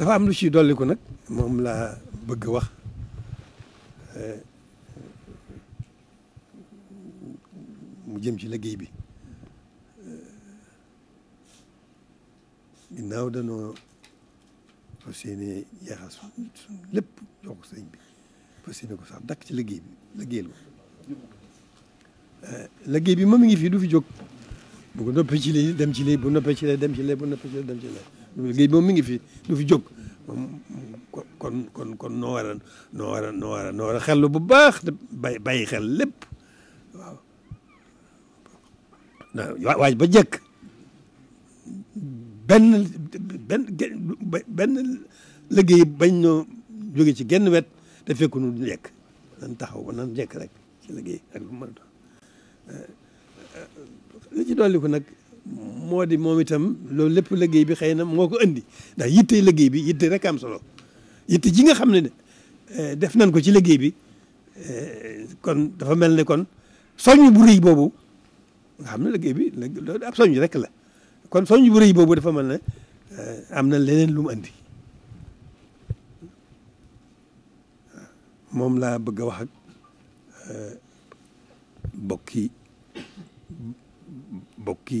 dafa am lu ci dolliku nag moom laa bëgg wax mu jëm ci liggéey bi ginnaaw danoo fas yéene jeexal lépp jox ko sëñ bi fas yéene ko sax dakk ci liggéey bi liggéeyal ko liggéey bi moom mu ngi fii du fi jóg bu ko noppee ci lii dem ci lii bu noppee ci lii dem ci lii bu noppee ci lii dem ci lii liggéey moom mi ngi fi du fi jóg kon kon kon kon noo war a noo a noo war bu baax te bay bàyyi xel lépp waaw na waaj ba jëkk benn benn benn bañ noo jóge ci genn wet te fekku nu jekk nan taxaw ba nan jekk rek ci liggéey ak lu mën eh, eh, li ci dolli ko nag moo di moom itam loolu lépp liggéey bi xëy na moo ko indi ndax yitte liggéey bi yitte rek am solo yitte ji nga xam ne eh, def nañ ko ci liggéey bi eh, kon dafa mel ne kon soññ bu rëy boobu xam ne liggéey bi loolu ab soññ rek la kon soññ bu rëy boobu dafa mel ne eh, am na leneen lum mu indi moom laa bëgg a wax ak bokki bokki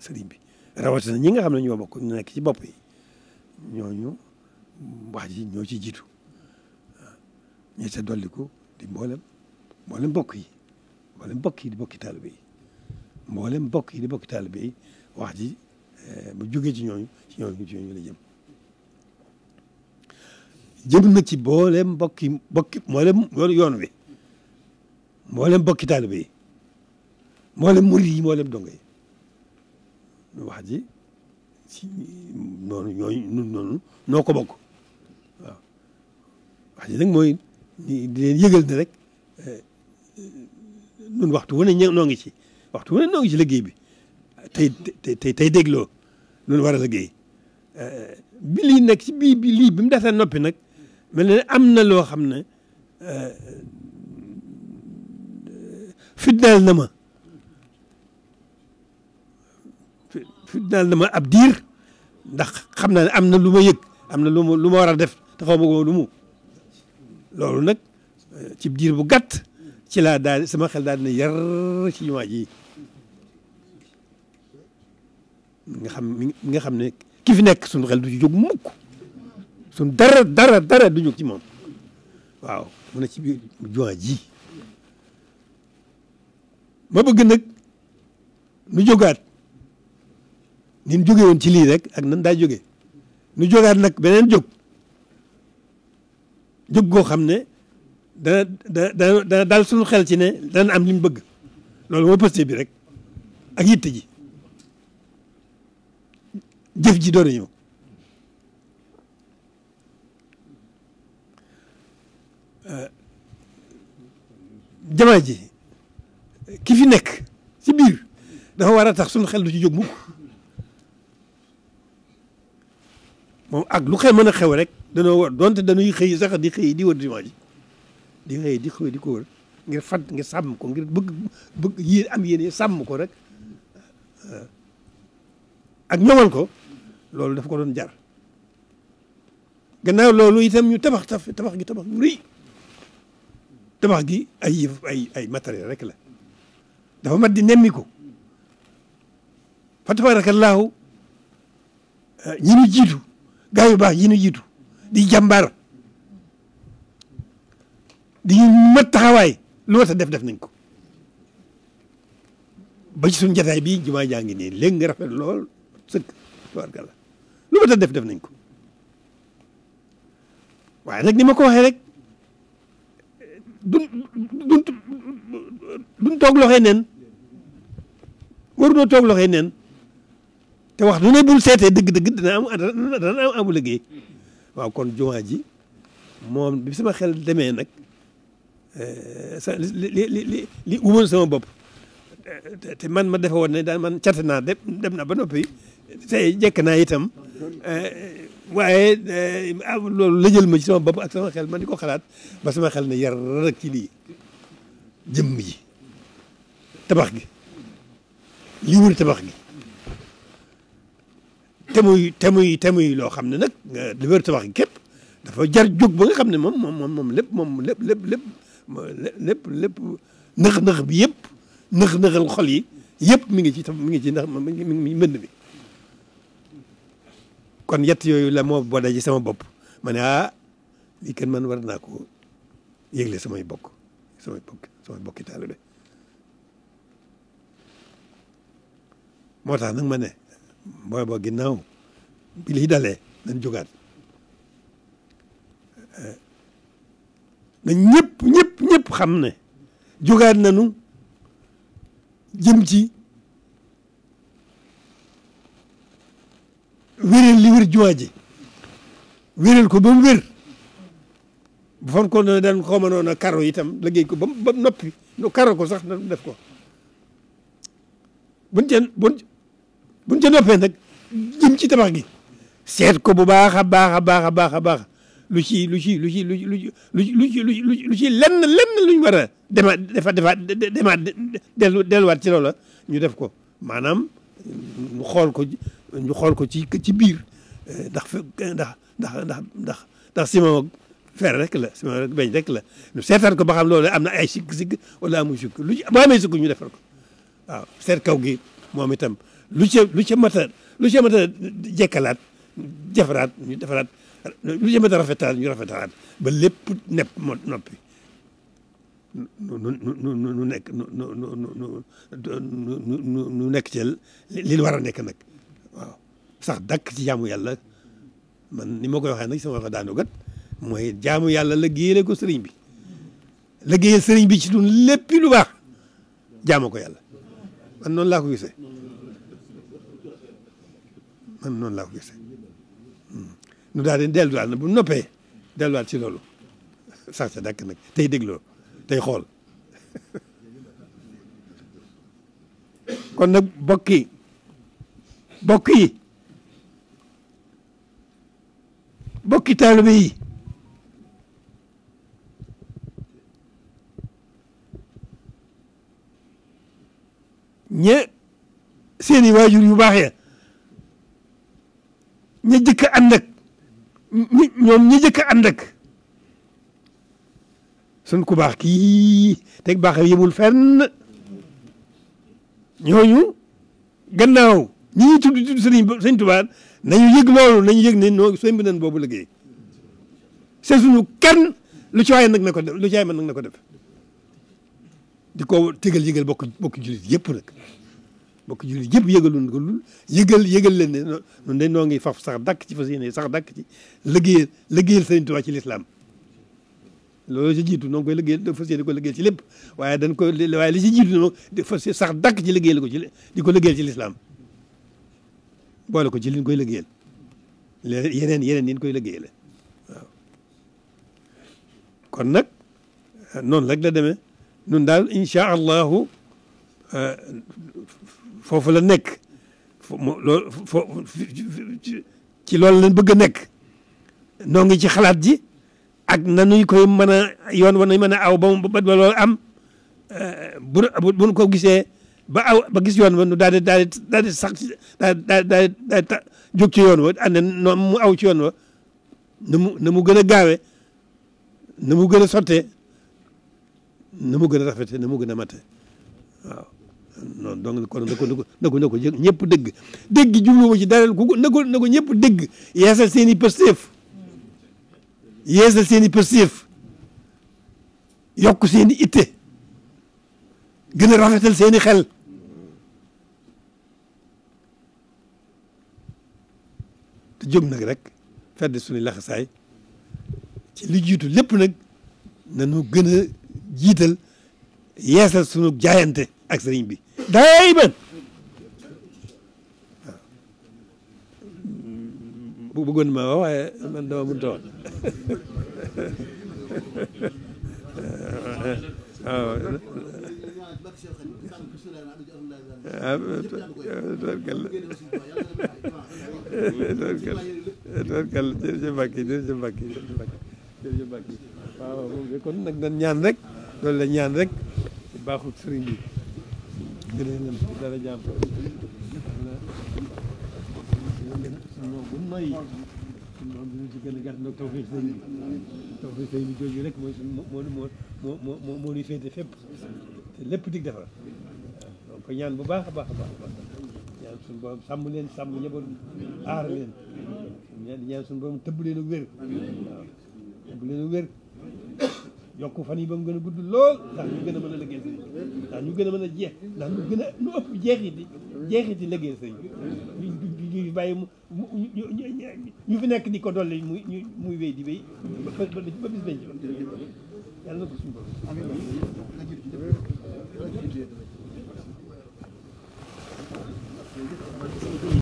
sëriñ bi rawatina ñi nga xam ne ñoo bokk ñu nekk ci bopp yi ñooñu ji ñoo ci jiitu ñi ca dolliku mboolem mboolem bokk yi mboolem bokk yi di bokki taalibe yi yi di bokki taalibe wax ji eh, bu jógee ci ñooñu ci ci ñooñu la jëm jëm na ci mboolem bokki bokki yoon wi mboolem bokki taalibe yi mboolem murid yi dongo yi wax ji ci noonu ñooñu ñun noonu noo ko bokk waaw ji nag mooy di leen yëgal ne eh, waxtu wu ne ñe noo ngi ci waxtu wu ne noo ci liggéey bi tey tey tey dégloo loolu war a liggéey eh, bi lii nekk ci bii bi lii bi mu desee noppi nag mel ne am na loo xam ne eh, fitnaal na ma daal na ma ab diir ndax xam naa ne am na lu ma yëg am na lu ma lu ma war a def te xaw ma ko lu mu loolu nag ci diir bu gàtt ci laa daal sama xel daal dina yar ci jumaa ji nga xam nga xam ne ki fi nekk suñu xel du ci jóg mukk suñu dara dara dara du jóg ci moom waaw mu ne ci biir jumaa ji ma bëgg nag nu jógaat ni mu jóge woon ci lii rek ak nan daa jóge nu jógaat nag beneen jóg jóg goo xam ne dana dana dana daal suñu xel ci ne dana am li mu bëgg loolu mooy posté bi rek ak yitte ji jëf ji doon ñëw euh, jamaa ji ki fi nekk si biir dafa war a tax suñu xel du ci jóg mukk moom ak lu xëy mën a xew rek danoo war donte dañuy xëy sax di xëy di wër jumaa ji di xëy di xëy di ko wër ngir fat ngir sàmm ko ngir bëgg bëgg yéen am yéene sàmm ko rek ak ñoŋal ko loolu dafa ko doon jar gannaaw loolu itam ñu tabax taf tabax gi tabax yu tabax gi ay yëf ay ay matériel rek la dafa mat di nemmi ko fa tabarakallaahu ñi ñu jiitu gaa yu baax yi nu jiitu di jàmbaar di mat taxawaay lu ma def def nañ ko ba ci suñu jataay bii jumaa jaa ngi nii léegi nga rafet lool sëkk tabarkalla lu ma def def nañ ko waaye nag ni ma ko waxee rek duñ duñ toog loxee neen waru doo toog loxe neen te wax du ne bul seetee dëgg-dëgg dana am dana am amu liggéey waaw kon jumaa ji moom bi sama xel demee nag sa li li li li umoon sama bopp te man ma defe woon ne daal man cate naa dem dem na ba noppi tey jekk naa itam waaye loolu lëjël ma ci sama bopp ak sama xel man di ko xalaat ba sama xel ne yar rek ci lii jëmm ji tabax gi li wër tabax gi te muy te muy te muy loo xam ne nag li wér tabax yi képp dafa jar jóg ba nga xam ne moom moom moom lépp moom lépp lépp lépp lépp lépp nëx-nëx bi yëpp nëx-nëxal yi yëpp mi ngi ci mi ngi ci ndax mi ngi mi ngi mbënd bi kon yett yooyu la moo boole sama bopp mane ne ah lii kenn man war naa ko yëgle samay bokk samay bokk samay bokki taalibe moo tax nag ma ne booba ginnaaw bi lii dale nañ jógaat na ñëpp ñëpp ñëpp xam ne jógaat nañu jëm ci wéréel li wér jumaa ji wéréel ko ba mu wér bu fan ko ne daan xawma noon a karo itam liggéey ko ba ba noppi nu karo ko sax def ko buñ ceen buñ buñ ca noppee nag jëm ci tabax gi seet ko bu baax a baax a baax a baax a baax lu ci lu ci lu ci lu ci lu ci lu ci lenn lenn luñ war a demaat defa defaat demaat dellu delluwaat ci loola ñu def ko maanaam ñu xool ko ñu xool ko ci ci biir ndax ndax ndax ndax ndax ndax ciment fer rek la ciment rek beñ rek la ñu seetaat ko ba xam loolu am na ay sikk sikk wala amul sikk lu ci boo amee sikk ñu defal ko waaw seet kaw gi moom itam lu ca lu ca mat lu ca mat a jekkalaat defaraat ñu defaraat lu ca mat a rafetaat ñu rafetalaat ba lépp nepp moo noppi nu nekk nu nu nu nu nekk ca li war a nekk nag waaw sax dakk ci jaamu yàlla man ni ma koy waxee nag sama wax daanu gat mooy jaamu yàlla liggéeyale ko sëriñ bi liggéeyal sëriñ bi ci dun léppi lu baax jaamu ko man noonu laa ko gisee man noonu laa ko gisee hmm. nu daal di delluwaat na bu noppee delluwaat ci loolu sax sa dàkk nag tey dégloo tey xool kon nag bokk yi bokki taalibe yi ñe seeni waajur yu baax ñi jëkk ànd ak ñoom ñi jëkk ànd ak ku baax kii teg baax yëmul fenn ñooñu gannaaw ñi ñuy tudd tudd sëriñ sëñ Tuubaa nañu yëg loolu nañu yëg ne noo sëñ bi nañ boobu liggéey c'est suñu kenn lu ci waaye nag na ko def lu ci waaye man nag na ko def di ko tegal yëgal bokk bokk jullit yëpp bokk julli yëpp yëgalun ko lul yëgal yëgal leen ne noonu dañ noo ngi faf sax dàkk ci fas yéene sax dàkk ci liggéeyal liggéeyal Sëriñ Tuubaa ci lislaam loolu ci jiitu noo ngi koy liggéeyal fas yéene ko liggéeyal ci lépp waaye dañ ko waaye li ci jiitu noonu di fas sax dàkk ci liggéeyal ko ci di ko liggéeyal ci lislaam boole ko ci liñ koy liggéeyal yeneen yeneen yin koy liggéeyal waaw kon nag noonu rek la demee nun daal incha allahu foofu la nekk loolu ci loolu lañ bëgg a nekk noo ngi ci xalaat ji ak na nuñ koy mën a yoon war nañ mën a aw ba mu ba loolu am bu buñ ko gisee ba aw ba gis yoon wa nu daal di daal di daal di sax daal daal daal daal ta jóg ci yoon wa ànd noo mu aw ci yoon wa na mu na mu gën a gaawe na mu gën a sottee na mu gën a rafete na mu gën a mate waaw loolu donc kon na ko na ko na ko ñëpp dégg dégg jubluwuma ci dara ku na ko na ko ñëpp dégg yeesal seen i pësteef yeesal seen i pësteef yokk seen i itte gën a rafetal seen i xel te jóg nag rek fedd suñu laxasaay ci li jiitu lépp nag nañu gën a jiital yeesal sunu jaayante ak sëriñ bi dayman bu bëggoon ma wax waaye man dama mënta wax waaw jërëjëf Mbacke jërëjëf Mbacke jërëjëf Mbacke waaw kon nag dañ ñaan rek loolu la ñaan rek baaxul sëriñ bi gërëm dara jàpp non bu noyyi moom dina ci gën a gàtt bi tawfeex sëñ bi rek mooy suñu moo moo moo lépp dig defar bu baax a baax a sàmm leen sàmm ñëpp aar leen ñaan ñaan tëbb leen a wér waaw tëbb fan yi ba mu gën a gudd lool ndax ñu gën a mën a liggéey ndax ñu gën a mën a jeex ndax ñu gën a lu ëpp jeexiti jeexiti liggéey sëñ bi ñu bàyyi mu ñu fi nekk di ko dolli muy muy wéy di wéy ba bis benn yàlla na ko suñu